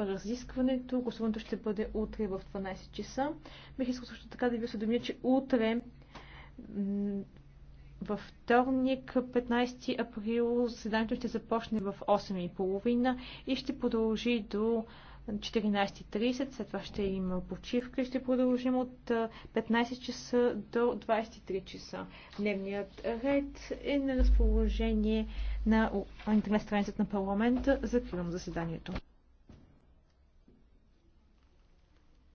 разискването. Гласуването ще бъде утре в 12 часа. Бих искал също така да ви осведомя, че утре във вторник, 15 април, заседанието ще започне в 8.30 и ще продължи до 14.30, след това ще има почивка и ще продължим от 15 часа до 23 часа. Дневният ред е на разположение на интернет страницата на парламента. Закривам заседанието.